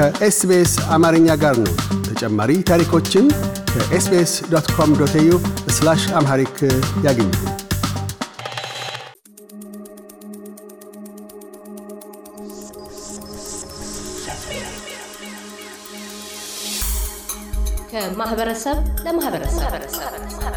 ከኤስቤስ አማርኛ ጋር ነው። ተጨማሪ ታሪኮችን ከኤስቤስ ዶት ኮም ዶት ኤዩ አምሃሪክ ያገኙ። ከማህበረሰብ ለማኅበረሰብ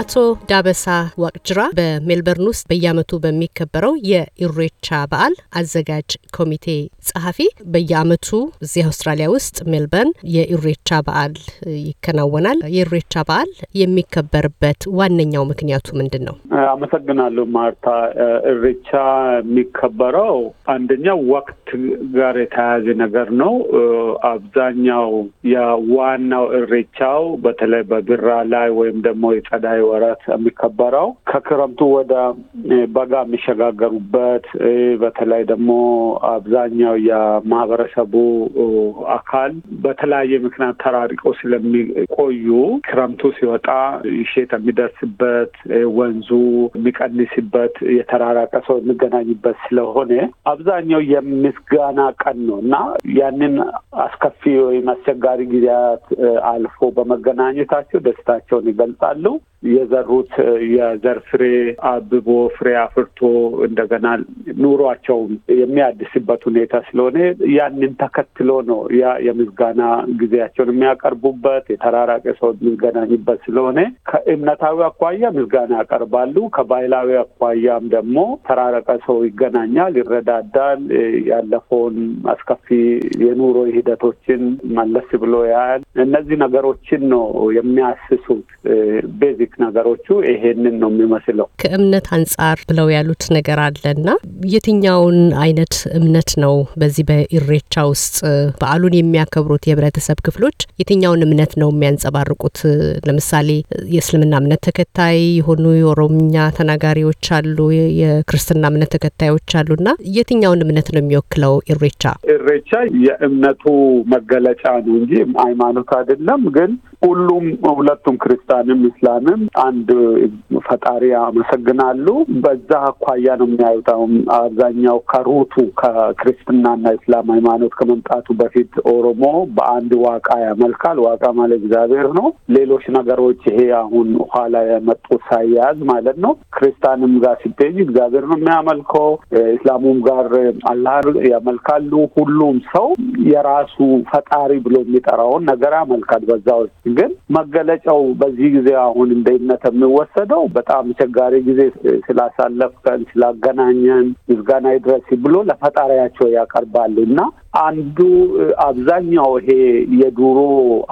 አቶ ዳበሳ ዋቅጅራ በሜልበርን ውስጥ በየአመቱ በሚከበረው የኢሬቻ በዓል አዘጋጅ ኮሚቴ ጸሐፊ፣ በየአመቱ እዚህ አውስትራሊያ ውስጥ ሜልበርን የኢሬቻ በዓል ይከናወናል። የኢሬቻ በዓል የሚከበርበት ዋነኛው ምክንያቱ ምንድን ነው? አመሰግናለሁ ማርታ። ኢሬቻ የሚከበረው አንደኛው ወቅት ጋር የተያያዘ ነገር ነው። አብዛኛው የዋናው ኢሬቻው በተለይ በብራ ላይ ወይም ደግሞ የጸዳይ ወራት የሚከበረው ከክረምቱ ወደ በጋ የሚሸጋገሩበት በተለይ ደግሞ አብዛኛው የማህበረሰቡ አካል በተለያየ ምክንያት ተራሪቆ ስለሚቆዩ ክረምቱ ሲወጣ ሼት የሚደርስበት ወንዙ የሚቀንስበት የተራራቀ ሰው የሚገናኝበት ስለሆነ አብዛኛው የምስጋና ቀን ነው እና ያንን አስከፊ ወይም አስቸጋሪ ጊዜያት አልፎ በመገናኘታቸው ደስታቸውን ይገልጻሉ። የዘሩት የዘር ፍሬ አብቦ ፍሬ አፍርቶ እንደገና ኑሯቸውን የሚያድስበት ሁኔታ ስለሆነ ያንን ተከትሎ ነው ያ የምስጋና ጊዜያቸውን የሚያቀርቡበት የተራራቀ ሰው የሚገናኝበት ስለሆነ ከእምነታዊ አኳያ ምስጋና ያቀርባሉ። ከባህላዊ አኳያም ደግሞ ተራረቀ ሰው ይገናኛል፣ ይረዳዳል። ያለፈውን አስከፊ የኑሮ ሂደቶችን መለስ ብሎ ያያል። እነዚህ ነገሮችን ነው የሚያስሱት ቤዚክ ነገሮቹ ይሄንን ነው የሚመስለው። ከእምነት አንጻር ብለው ያሉት ነገር አለና የትኛውን አይነት እምነት ነው በዚህ በኢሬቻ ውስጥ በዓሉን የሚያከብሩት የህብረተሰብ ክፍሎች የትኛውን እምነት ነው የሚያንጸባርቁት? ለምሳሌ የእስልምና እምነት ተከታይ የሆኑ የኦሮምኛ ተናጋሪዎች አሉ፣ የክርስትና እምነት ተከታዮች አሉና የትኛውን እምነት ነው የሚወክለው ኢሬቻ? ኢሬቻ የእምነቱ መገለጫ ነው እንጂ ሃይማኖት አይደለም ግን ሁሉም ሁለቱም ክርስቲያንም ኢስላምም አንድ ፈጣሪ ያመሰግናሉ። በዛ አኳያ ነው የሚያዩታውም አብዛኛው ከሩቱ ከክርስትናና ኢስላም ሃይማኖት ከመምጣቱ በፊት ኦሮሞ በአንድ ዋቃ ያመልካል። ዋቃ ማለት እግዚአብሔር ነው። ሌሎች ነገሮች ይሄ አሁን ኋላ የመጡ ሳያዝ ማለት ነው። ክርስቲያንም ጋር ሲገኝ እግዚአብሔር ነው የሚያመልከው፣ ኢስላሙም ጋር አላህ ያመልካሉ። ሁሉም ሰው የራሱ ፈጣሪ ብሎ የሚጠራውን ነገር ያመልካል በዛ ውስጥ ግን መገለጫው በዚህ ጊዜ አሁን እንደነት የሚወሰደው በጣም አስቸጋሪ ጊዜ ስላሳለፍከን ስላገናኘን ምስጋና ይድረስ ብሎ ለፈጣሪያቸው ያቀርባሉ እና አንዱ አብዛኛው ይሄ የዱሮ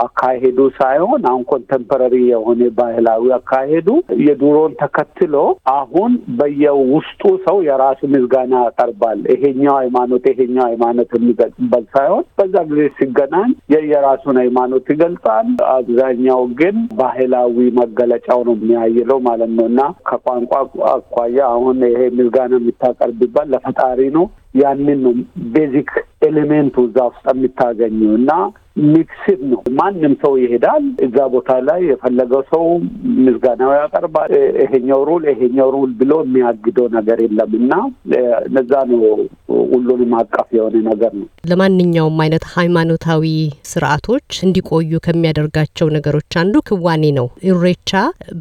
አካሄዱ ሳይሆን አሁን ኮንቴምፖራሪ የሆነ ባህላዊ አካሄዱ የዱሮን ተከትሎ አሁን በየውስጡ ሰው የራሱ ምዝጋና ያቀርባል። ይሄኛው ሃይማኖት ይሄኛው ሃይማኖት የሚገልጽበት ሳይሆን በዛ ጊዜ ሲገናኝ የየራሱን ሃይማኖት ይገልጻል። አብዛኛው ግን ባህላዊ መገለጫው ነው የሚያይለው ማለት ነው እና ከቋንቋ አኳያ አሁን ይሄ ምዝጋና የምታቀርብበት ለፈጣሪ ነው። ያንን ነው ቤዚክ ኤሌሜንቱ እዛ ውስጥ የምታገኙ እና ሚክስድ ነው። ማንም ሰው ይሄዳል እዛ ቦታ ላይ የፈለገው ሰው ምዝጋናው ያቀርባል። ይሄኛው ሩል ይሄኛው ሩል ብሎ የሚያግደው ነገር የለም እና እነዛ ነው ሁሉንም አቀፍ የሆነ ነገር ነው። ለማንኛውም አይነት ሃይማኖታዊ ስርዓቶች እንዲቆዩ ከሚያደርጋቸው ነገሮች አንዱ ክዋኔ ነው። ኢሬቻ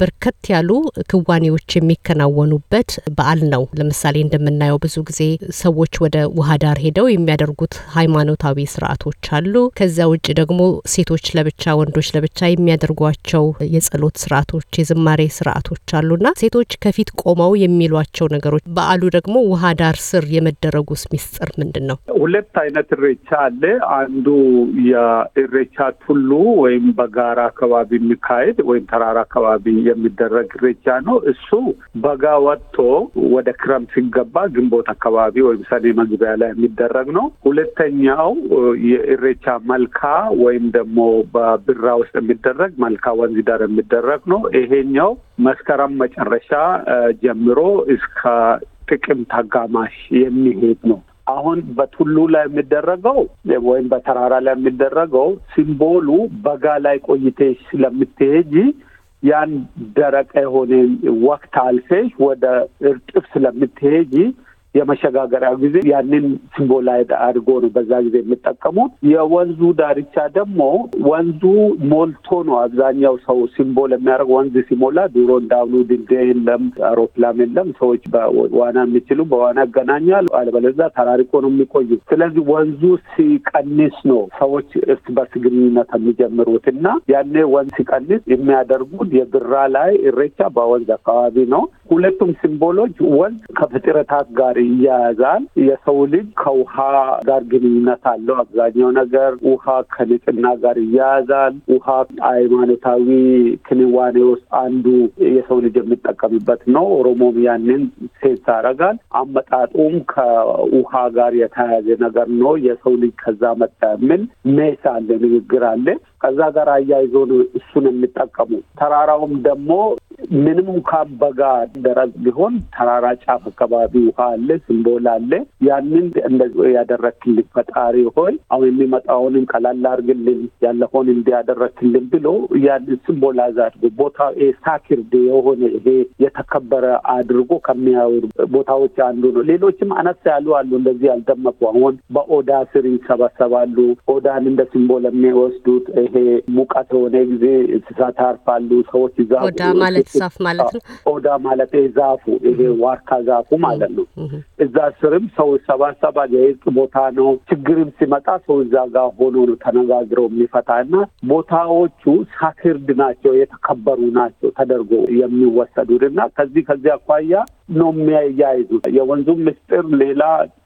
በርከት ያሉ ክዋኔዎች የሚከናወኑበት በዓል ነው። ለምሳሌ እንደምናየው ብዙ ጊዜ ሰዎች ወደ ውሃ ዳር ሄደው የሚያደርጉት ሃይማኖታዊ ስርዓቶች አሉ። ከዚያ ውጭ ደግሞ ሴቶች ለብቻ፣ ወንዶች ለብቻ የሚያደርጓቸው የጸሎት ስርዓቶች፣ የዝማሬ ስርዓቶች አሉና ሴቶች ከፊት ቆመው የሚሏቸው ነገሮች በዓሉ ደግሞ ውሃ ዳር ስር የመደረጉ የኢሬቻውስ ሚስጥር ምንድን ነው? ሁለት አይነት እሬቻ አለ። አንዱ የእሬቻ ቱሉ ወይም በጋራ አካባቢ የሚካሄድ ወይም ተራራ አካባቢ የሚደረግ እሬቻ ነው። እሱ በጋ ወጥቶ ወደ ክረምት ሲገባ ግንቦት አካባቢ ወይም ሰኔ መግቢያ ላይ የሚደረግ ነው። ሁለተኛው የእሬቻ መልካ ወይም ደግሞ በብራ ውስጥ የሚደረግ መልካ ወንዝ ዳር የሚደረግ ነው። ይሄኛው መስከረም መጨረሻ ጀምሮ እስከ ጥቅም ታጋማሽ የሚሄድ ነው። አሁን በቱሉ ላይ የሚደረገው ወይም በተራራ ላይ የሚደረገው ሲምቦሉ በጋ ላይ ቆይተሽ ስለምትሄጂ ያን ደረቀ የሆነ ወቅት አልፌሽ ወደ እርጥብ ስለምትሄጂ የመሸጋገሪያ ጊዜ ያንን ሲምቦላይድ አድርጎ ነው በዛ ጊዜ የሚጠቀሙት። የወንዙ ዳርቻ ደግሞ ወንዙ ሞልቶ ነው አብዛኛው ሰው ሲምቦል የሚያደርግ ወንዝ ሲሞላ፣ ድሮ እንዳሁኑ ድልድይ የለም፣ አውሮፕላን የለም። ሰዎች በዋና የሚችሉ በዋና ይገናኛል፣ አለበለዛ ተራርቆ ነው የሚቆዩ። ስለዚህ ወንዙ ሲቀንስ ነው ሰዎች እርስ በርስ ግንኙነት የሚጀምሩት እና ያኔ ወንዝ ሲቀንስ የሚያደርጉት የብራ ላይ እሬቻ በወንዝ አካባቢ ነው። ሁለቱም ሲምቦሎች ወንዝ ከፍጥረታት ጋር ይያያዛል። የሰው ልጅ ከውሃ ጋር ግንኙነት አለው። አብዛኛው ነገር ውሃ ከንጽህና ጋር ይያያዛል። ውሃ ሃይማኖታዊ ክንዋኔ ውስጥ አንዱ የሰው ልጅ የሚጠቀምበት ነው። ኦሮሞም ያንን ሴንስ ያደርጋል። አመጣጡም ከውሃ ጋር የተያያዘ ነገር ነው። የሰው ልጅ ከዛ መጣ የሚል ሜስ አለ፣ ንግግር አለ። ከዛ ጋር አያይዞ ነው እሱን የሚጠቀሙ። ተራራውም ደግሞ ምንም እንኳን በጋ ደረቅ ቢሆን ተራራ ጫፍ አካባቢ ውሃ አለ። አለ፣ ሲምቦል አለ። ያንን እንደ ያደረክልን ፈጣሪ ሆይ አሁን የሚመጣውንም ቀላል አድርግልን፣ ያለፈውን እንዲያደረክልን ብሎ ያንን ሲምቦላይዝ አድርጎ ቦታ ሳክርድ የሆነ ይሄ የተከበረ አድርጎ ከሚያወሩ ቦታዎች አንዱ ነው። ሌሎችም አነስ ያሉ አሉ፣ እንደዚህ ያልደመቁ አሁን በኦዳ ስር ይሰበሰባሉ። ኦዳን እንደ ሲምቦል የሚወስዱት ይሄ ሙቀት የሆነ ጊዜ እንስሳት አርፋሉ፣ ሰዎች ዛፉ ኦዳ ማለት ዛፍ ማለት ነው። ኦዳ ማለት ዛፉ ይሄ ዋርካ ዛፉ ማለት ነው። እዛ ስርም ሰው ይሰባሰባል። የእርቅ ቦታ ነው። ችግርም ሲመጣ ሰው እዛ ጋር ሆኖ ነው ተነጋግረው የሚፈታ እና ቦታዎቹ ሳክርድ ናቸው፣ የተከበሩ ናቸው ተደርጎ የሚወሰዱን እና ከዚህ ከዚህ አኳያ ነው የሚያያይዙ። የወንዙም ምስጢር ሌላ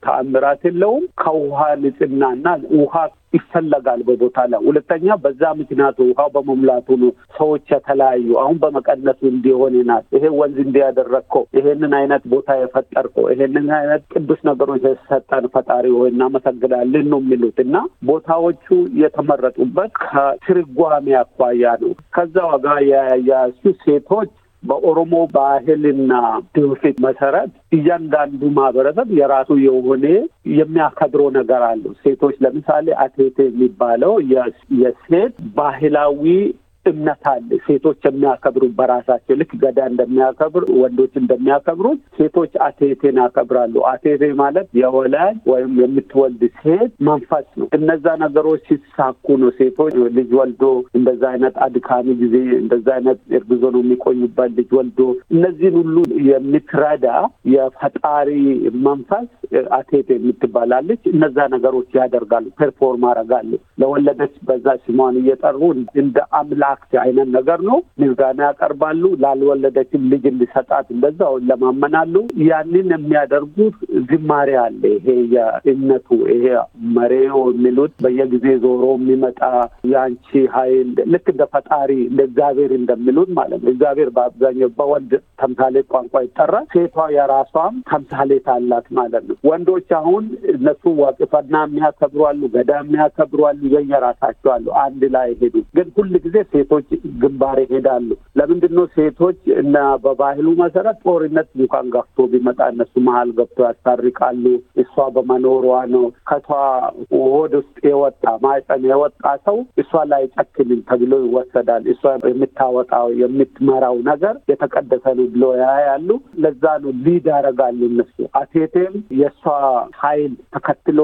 ተአምራት የለውም ከውሃ ንጽህናና ውሃ ይፈለጋል በቦታ ላይ። ሁለተኛ በዛ ምክንያቱ ውሃው በመሙላቱ ነው ሰዎች የተለያዩ አሁን በመቀነሱ እንዲሆን ናት ይሄ ወንዝ እንዲያደረግከው ይሄንን አይነት ቦታ የፈጠርከው ይሄንን አይነት ቅዱስ ነገሮች የሰጠን ፈጣሪ ሆይ እናመሰግናለን ነው የሚሉት እና ቦታዎቹ የተመረጡበት ከትርጓሜ አኳያ ነው። ከዛ ዋጋ የያዙ ሴቶች በኦሮሞ ባህልና ትውፊት መሰረት እያንዳንዱ ማህበረሰብ የራሱ የሆነ የሚያከብረው ነገር አለው። ሴቶች ለምሳሌ አቴቴ የሚባለው የሴት ባህላዊ እምነት አለ። ሴቶች የሚያከብሩ በራሳቸው ልክ ገዳ እንደሚያከብሩ ወንዶች እንደሚያከብሩ ሴቶች አቴቴን ያከብራሉ። አቴቴ ማለት የወላጅ ወይም የምትወልድ ሴት መንፈስ ነው። እነዛ ነገሮች ሲሳኩ ነው ሴቶች ልጅ ወልዶ እንደዛ አይነት አድካሚ ጊዜ እንደዛ አይነት እርግዞ ነው የሚቆዩበት ልጅ ወልዶ እነዚህን ሁሉ የምትረዳ የፈጣሪ መንፈስ አቴቴ የምትባላለች። እነዛ ነገሮች ያደርጋሉ፣ ፐርፎርም አረጋሉ። ለወለደች በዛ ስሟን እየጠሩ እንደ አምላክ አክት አይነት ነገር ነው። ምስጋና ያቀርባሉ። ላልወለደችም ልጅ እንዲሰጣት እንደዛው ለማመናሉ። ያንን የሚያደርጉት ዝማሬ አለ። ይሄ የእምነቱ ይሄ መሬው የሚሉት በየጊዜ ዞሮ የሚመጣ የአንቺ ኃይል ልክ እንደ ፈጣሪ እንደ እግዚአብሔር እንደሚሉት ማለት ነው። እግዚአብሔር በአብዛኛው በወንድ ተምሳሌ ቋንቋ ይጠራል። ሴቷ የራሷም ተምሳሌት አላት ማለት ነው። ወንዶች አሁን እነሱ ዋቅፈና የሚያከብሯሉ፣ ገዳ የሚያከብሯሉ፣ አሉ፣ የየራሳቸው አሉ። አንድ ላይ ሄዱ ግን ሁል ጊዜ ሴቶች ግንባር ይሄዳሉ። ለምንድን ነው ሴቶች እና በባህሉ መሰረት ጦርነት እንኳን ገፍቶ ቢመጣ እነሱ መሀል ገብቶ ያስታርቃሉ። እሷ በመኖሯ ነው ከቷ ሆድ ውስጥ የወጣ ማህፀን የወጣ ሰው እሷ ላይ ጨክንም ተብሎ ይወሰዳል። እሷ የምታወጣው የምትመራው ነገር የተቀደሰ ነው ብሎ ያያሉ። ለዛ ነው ሊድ ያደርጋሉ እነሱ አቴቴም የእሷ ኃይል ተከትሎ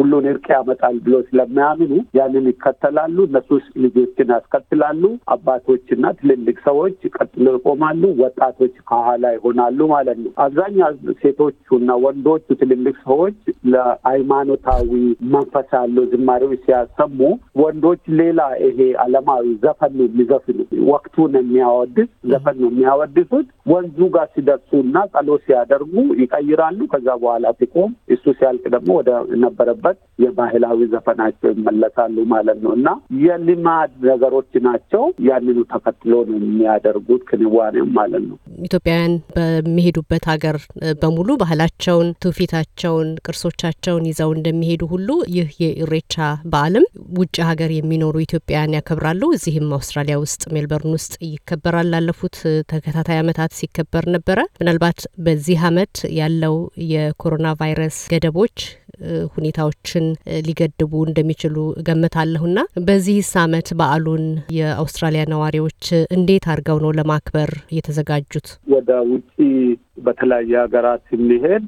ሁሉን እርቅ ያመጣል ብሎ ስለሚያምኑ ያንን ይከተላሉ። እነሱ ልጆችን ያስከትላሉ። ይሆናሉ። አባቶችና ትልልቅ ሰዎች ቀጥሎ ይቆማሉ። ወጣቶች ከኋላ ይሆናሉ ማለት ነው። አብዛኛው ሴቶቹና ወንዶቹ ትልልቅ ሰዎች ለሃይማኖታዊ መንፈስ ያለው ዝማሬዎች ሲያሰሙ፣ ወንዶች ሌላ ይሄ አለማዊ ዘፈን ነው የሚዘፍኑ ወቅቱን የሚያወድስ ዘፈን ነው የሚያወድሱት። ወንዙ ጋር ሲደርሱ እና ጸሎት ሲያደርጉ ይቀይራሉ። ከዛ በኋላ ሲቆም እሱ ሲያልቅ ደግሞ ወደ ነበረበት የባህላዊ ዘፈናቸው ይመለሳሉ ማለት ነው እና የልማድ ነገሮች ናቸው ናቸው። ያንኑ ተከትሎ ነው የሚያደርጉት ክንዋኔ ማለት ነው። ኢትዮጵያውያን በሚሄዱበት ሀገር በሙሉ ባህላቸውን፣ ትውፊታቸውን፣ ቅርሶቻቸውን ይዘው እንደሚሄዱ ሁሉ ይህ የኢሬቻ በዓልም ውጭ ሀገር የሚኖሩ ኢትዮጵያውያን ያከብራሉ። እዚህም አውስትራሊያ ውስጥ ሜልበርን ውስጥ ይከበራል። ላለፉት ተከታታይ አመታት ሲከበር ነበረ። ምናልባት በዚህ አመት ያለው የኮሮና ቫይረስ ገደቦች ሁኔታዎችን ሊገድቡ እንደሚችሉ እገምታለሁና በዚህስ ዓመት በዓሉን የአውስትራሊያ ነዋሪዎች እንዴት አድርገው ነው ለማክበር የተዘጋጁት? ወደ ውጭ በተለያየ ሀገራት ስንሄድ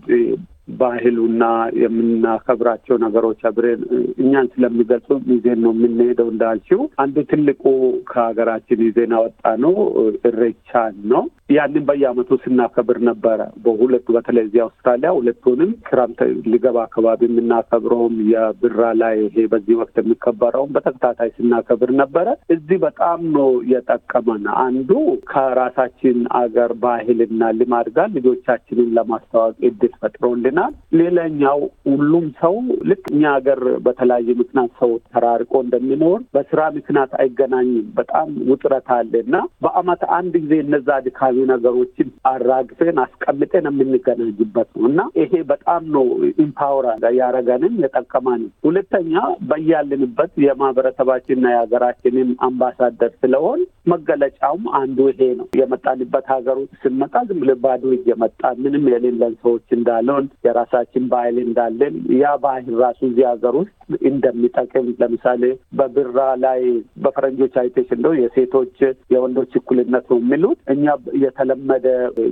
ባህሉና የምናከብራቸው ነገሮች አብሬን እኛን ስለሚገልጹ ይዜን ነው የምንሄደው። እንዳልችው አንዱ ትልቁ ከሀገራችን ይዜን አወጣ ነው እሬቻን ነው። ያንን በየአመቱ ስናከብር ነበረ። በሁለቱ በተለይ እዚህ አውስትራሊያ ሁለቱንም ክረምት ሊገባ አካባቢ የምናከብረውም የብራ ላይ ይሄ በዚህ ወቅት የሚከበረውም በተከታታይ ስናከብር ነበረ። እዚህ በጣም ነው የጠቀመን። አንዱ ከራሳችን አገር ባህልና ልማድ ጋር ልጆቻችንን ለማስተዋወቅ እድል ፈጥሮልናል። ሌላኛው ሁሉም ሰው ልክ እኛ ሀገር በተለያየ ምክንያት ሰው ተራርቆ እንደሚኖር በስራ ምክንያት አይገናኝም። በጣም ውጥረት አለ እና በአመት አንድ ጊዜ እነዛ ድካሚ ነገሮችን አራግፈን አስቀምጠን የምንገናኝበት ነው እና ይሄ በጣም ነው ኢምፓወራ ያረገንን የጠቀማን። ሁለተኛ በያልንበት የማህበረሰባችንና የሀገራችንን አምባሳደር ስለሆን መገለጫውም አንዱ ይሄ ነው። የመጣንበት ሀገር ውስጥ ስንመጣ ዝም ብለን ባዶ እጅ ምንም የሌለን ሰዎች እንዳለን የራሳችን ባህል እንዳለን ያ ባህል ራሱ እዚህ ሀገር ውስጥ እንደሚጠቅም ለምሳሌ በብራ ላይ በፈረንጆች አይቴሽ እንደው የሴቶች የወንዶች እኩልነት ነው የሚሉት እኛ የተለመደ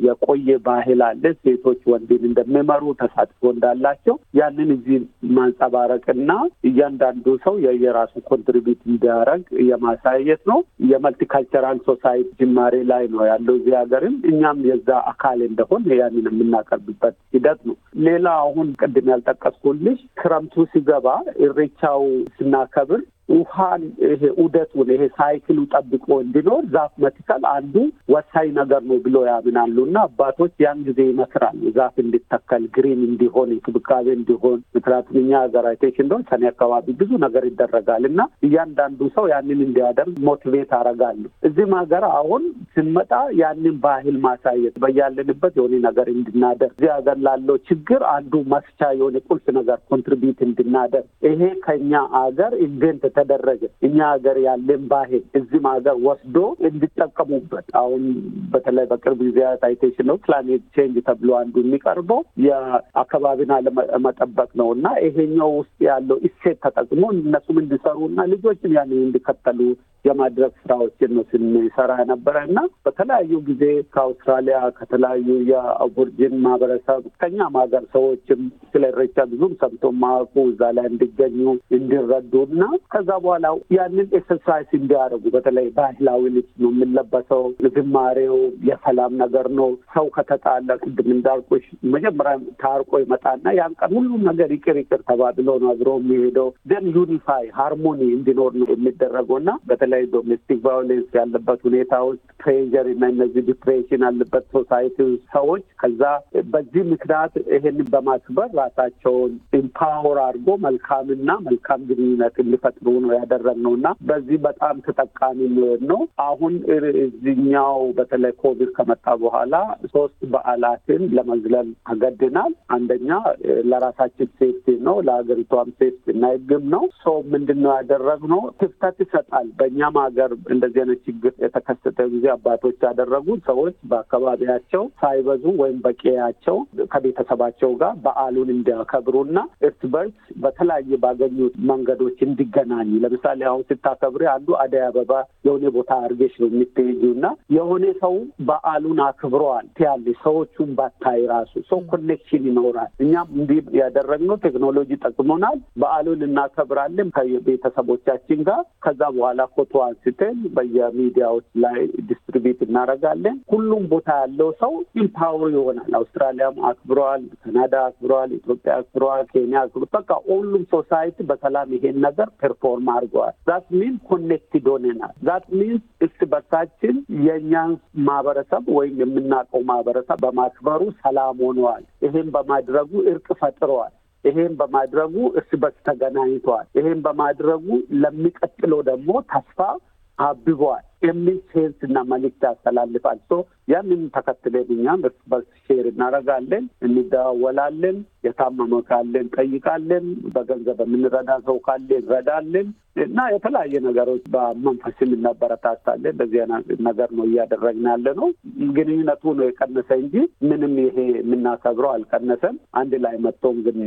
የቆየ ባህል አለ። ሴቶች ወንድን እንደሚመሩ ተሳትፎ እንዳላቸው ያንን እዚህ ማንጸባረቅና እያንዳንዱ ሰው የየራሱ ኮንትሪቢዩት እንዲያደርግ የማሳየት ነው። የመልቲካልቸራል ሶሳይቲ ጅማሬ ላይ ነው ያለው እዚህ ሀገርም እኛም የዛ አካል እንደሆን ያንን የምናቀርብበት ሂደት ነው። ሌላ አሁን ቅድም ያልጠቀስኩልሽ ክረምቱ ሲገባ እሬቻው ስናከብር ውሃን ይሄ ዑደቱን ይሄ ሳይክሉ ጠብቆ እንዲኖር ዛፍ መትከል አንዱ ወሳኝ ነገር ነው ብሎ ያምናሉ እና አባቶች ያን ጊዜ ይመክራሉ። ዛፍ እንዲተከል፣ ግሪን እንዲሆን፣ እንክብካቤ እንዲሆን። ምክንያቱም እኛ ሀገራችን እንደሆን ሰኔ አካባቢ ብዙ ነገር ይደረጋል እና እያንዳንዱ ሰው ያንን እንዲያደርግ ሞቲቬት አረጋሉ። እዚህም ሀገር አሁን ስንመጣ ያንን ባህል ማሳየት በያለንበት የሆነ ነገር እንድናደር እዚህ ሀገር ላለው ችግር አንዱ መፍቻ የሆነ ቁልፍ ነገር ኮንትሪቢዩት እንድናደር ይሄ ከኛ ሀገር ኢንቨንት ተደረገ። እኛ ሀገር ያለን ባህል እዚህም ሀገር ወስዶ እንዲጠቀሙበት አሁን በተለይ በቅርብ ጊዜያት አይቴሽ ነው ክላይሜት ቼንጅ ተብሎ አንዱ የሚቀርበው የአካባቢን አለመጠበቅ ነው እና ይሄኛው ውስጥ ያለው እሴት ተጠቅሞ እነሱም እንዲሰሩ እና ልጆችም ያን እንዲከተሉ የማድረግ ስራዎችን ነው ስንሰራ ነበረ እና በተለያዩ ጊዜ ከአውስትራሊያ ከተለያዩ የአቦርጅን ማህበረሰብ ከኛም ሀገር ሰዎችም ስለ ኢሬቻ ብዙም ሰምቶ ማወቁ እዛ ላይ እንዲገኙ እንዲረዱ እና ከዛ በኋላ ያንን ኤክሰርሳይዝ እንዲያደርጉ በተለይ ባህላዊ ልብስ ነው የምንለበሰው። ዝማሬው የሰላም ነገር ነው። ሰው ከተጣለ ቅድም እንዳልኩሽ መጀመሪያ ታርቆ ይመጣና ያን ቀን ሁሉም ነገር ይቅር ይቅር ተባብሎ ነው አብሮ የሚሄደው። ደን ዩኒፋይ ሃርሞኒ እንዲኖር ነው የሚደረገው እና በተለይ ዶሜስቲክ ቫዮሌንስ ያለበት ሁኔታ ውስጥ ፕሬዥር እና እነዚህ ዲፕሬሽን ያለበት ሶሳይቲ ሰዎች ከዛ በዚህ ምክንያት ይሄንን በማክበር ራሳቸውን ኢምፓወር አድርጎ መልካምና መልካም ግንኙነት እንዲፈጥሩ ነው ያደረግነው እና በዚህ በጣም ተጠቃሚ ነው። አሁን እዚኛው በተለይ ኮቪድ ከመጣ በኋላ ሶስት በዓላትን ለመዝለል አገድናል። አንደኛ ለራሳችን ሴፍቲ ነው፣ ለሀገሪቷም ሴፍቲ እና ህግም ነው። ሰው ምንድን ነው ያደረግነው ክፍተት ይሰጣል። በእኛም ሀገር እንደዚህ አይነት ችግር የተከሰተ ጊዜ አባቶች ያደረጉት ሰዎች በአካባቢያቸው ሳይበዙ ወይም በቄያቸው ከቤተሰባቸው ጋር በዓሉን እንዲያከብሩና እርስ በርስ በተለያየ ባገኙት መንገዶች እንዲገናኙ አገናኙ። ለምሳሌ አሁን ስታከብሪ አንዱ አደይ አበባ የሆነ ቦታ አድርጌሽ ነው የምትሄጂው እና የሆነ ሰው በዓሉን አክብረዋል ያለሽ ሰዎቹን ባታይ ራሱ ሰው ኮኔክሽን ይኖራል። እኛም እንዲህ ያደረግነው ቴክኖሎጂ ጠቅሞናል። በዓሉን እናከብራለን ከቤተሰቦቻችን ጋር። ከዛ በኋላ ፎቶ አንስተን በየሚዲያዎች ላይ ዲስትሪቢዩት እናደርጋለን። ሁሉም ቦታ ያለው ሰው ኢምፓወር ይሆናል። አውስትራሊያም አክብረዋል፣ ካናዳ አክብረዋል፣ ኢትዮጵያ አክብረዋል፣ ኬንያ አክብረ በቃ ሁሉም ሶሳይቲ በሰላም ይሄን ነገር ፐርፎ ትራንስፎርም አድርገዋል። ዛት ሚን ኮኔክትድ ሆነናል። ዛት ሚን እርስ በርሳችን የእኛን ማህበረሰብ ወይም የምናውቀው ማህበረሰብ በማክበሩ ሰላም ሆነዋል። ይህም በማድረጉ እርቅ ፈጥረዋል። ይሄን በማድረጉ እርስ በርስ ተገናኝተዋል። ይሄን በማድረጉ ለሚቀጥለው ደግሞ ተስፋ አብቧል። የሚል እና መልእክት ያስተላልፋል። ሶ ያንን ተከትለን እኛም እርስ በርስ ሼር እናደርጋለን፣ እንደዋወላለን፣ የታመመ ካለ እንጠይቃለን፣ በገንዘብ የምንረዳ ሰው ካለ እንረዳለን እና የተለያየ ነገሮች በመንፈስም እናበረታታለን። በዚህ ነገር ነው እያደረግን ያለ ነው። ግንኙነቱ ነው የቀነሰ እንጂ ምንም ይሄ የምናከብረው አልቀነሰም። አንድ ላይ መጥቶም ግን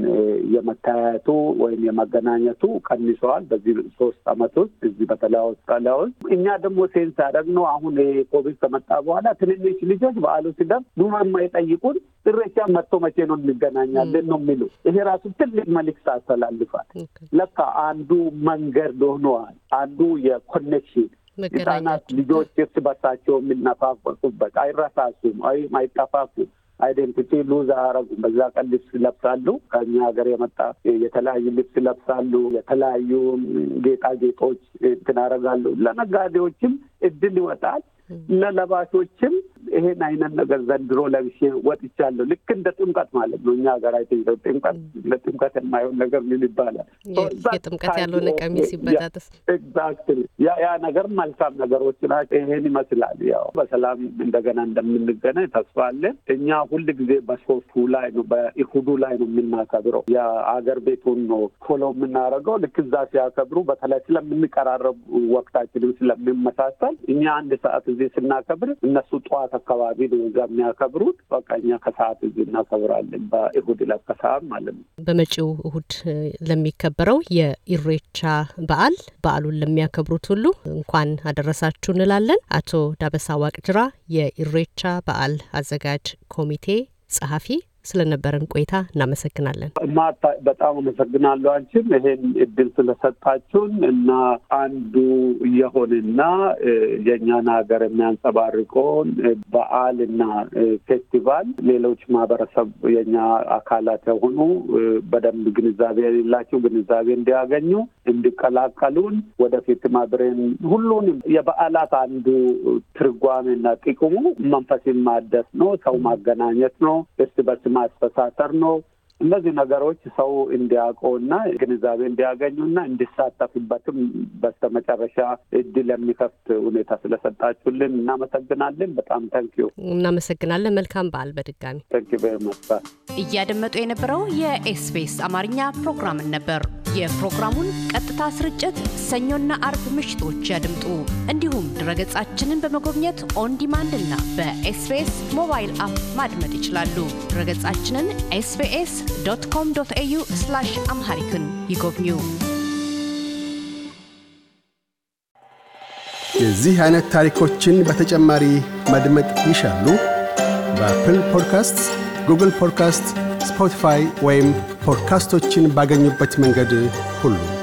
የመታየቱ ወይም የመገናኘቱ ቀንሰዋል። በዚህ ሶስት አመት ውስጥ እዚህ በተለያ ውስጥ እኛ ደግሞ ኤክስፔሪንስ ያደረግነው አሁን ኮቪድ ከመጣ በኋላ ትንንሽ ልጆች በዓሉ ሲደርስ ዱማ የማይጠይቁን ጥሬቻ መጥቶ መቼ ነው እንገናኛለን ነው የሚሉ ይሄ ራሱ ትልቅ መልዕክት አስተላልፋል። ለካ አንዱ መንገድ ሆነዋል። አንዱ የኮኔክሽን ህጻናት ልጆች እርስ በርሳቸው የሚነፋፈቁበት አይረሳሱም ወይም አይጠፋፉም። አይደንቲቲ ሉዝ አረጉም። በዛ ቀን ልብስ ይለብሳሉ። ከኛ ሀገር የመጣ የተለያዩ ልብስ ይለብሳሉ። የተለያዩ ጌጣጌጦች እንትን ያደርጋሉ። ለነጋዴዎችም እድል ይወጣል። ለለባሾችም ይሄን አይነት ነገር ዘንድሮ ለብሼ ወጥቻለሁ። ልክ እንደ ጥምቀት ማለት ነው። እኛ ሀገራችን ጥምቀት ለጥምቀት የማይሆን ነገር ምን ይባላል? የጥምቀት ያልሆነ ቀሚስ ኤግዛክትሊ ያ ያ ነገር መልካም ነገሮች ናቸው። ይሄን ይመስላል። ያው በሰላም እንደገና እንደምንገናኝ ተስፋ አለን። እኛ ሁል ጊዜ በሶስቱ ላይ ነው በኢሁዱ ላይ ነው የምናከብረው። የአገር ቤቱን ነው ፎሎ የምናደርገው። ልክ እዛ ሲያከብሩ በተለይ ስለምንቀራረቡ ወቅታችንም ስለሚመሳሰል እኛ አንድ ሰዓት እዚህ ስናከብር እነሱ ጠዋት አካባቢ ነው እዛ የሚያከብሩት። በቃ እኛ ከሰዓት እዚህ እናከብራለን፣ በእሁድ ዕለት ከሰዓት ማለት ነው። በመጪው እሁድ ለሚከበረው የኢሬቻ በዓል በዓሉን ለሚያከብሩት ሁሉ እንኳን አደረሳችሁ እንላለን። አቶ ዳበሳ ዋቅጅራ የኢሬቻ በዓል አዘጋጅ ኮሚቴ ጸሐፊ ስለነበረን ቆይታ እናመሰግናለን። ማታ በጣም አመሰግናለሁ። አንቺም ይሄን እድል ስለሰጣችሁን እና አንዱ የሆንና የእኛን ሀገር የሚያንጸባርቀውን በዓልና ፌስቲቫል ሌሎች ማህበረሰብ የኛ አካላት የሆኑ በደንብ ግንዛቤ የሌላቸው ግንዛቤ እንዲያገኙ እንዲቀላቀሉን ወደፊት ማብሬን ሁሉንም የበዓላት አንዱ ትርጓሜና ጥቅሙ መንፈስን ማደስ ነው። ሰው ማገናኘት ነው። እርስ በርስ ማስተሳሰር ነው። እነዚህ ነገሮች ሰው እንዲያውቀውና ግንዛቤ እንዲያገኙና እንዲሳተፉበትም በስተመጨረሻ እድል የሚከፍት ሁኔታ ስለሰጣችሁልን እናመሰግናለን። በጣም ተንኪዩ። እናመሰግናለን። መልካም በዓል በድጋሚ ተንኪዩ በመጣ እያደመጡ የነበረው የኤስቢኤስ አማርኛ ፕሮግራምን ነበር። የፕሮግራሙን ቀጥታ ስርጭት ሰኞና አርብ ምሽቶች ያድምጡ። እንዲሁም ድረገጻችንን በመጎብኘት ኦን እና በኤስቢኤስ ሞባይል አፕ ይችላሉ። ድረገጻችንን ኤስቢኤስ ዶት ኮም ዶት ኤዩ አምሃሪክን ይጎብኙ። የዚህ አይነት ታሪኮችን በተጨማሪ ማድመጥ ይሻሉ? በአፕል ፖድካስት፣ ጉግል ፖድካስት፣ ስፖቲፋይ ወይም ፖድካስቶችን ባገኙበት መንገድ ሁሉ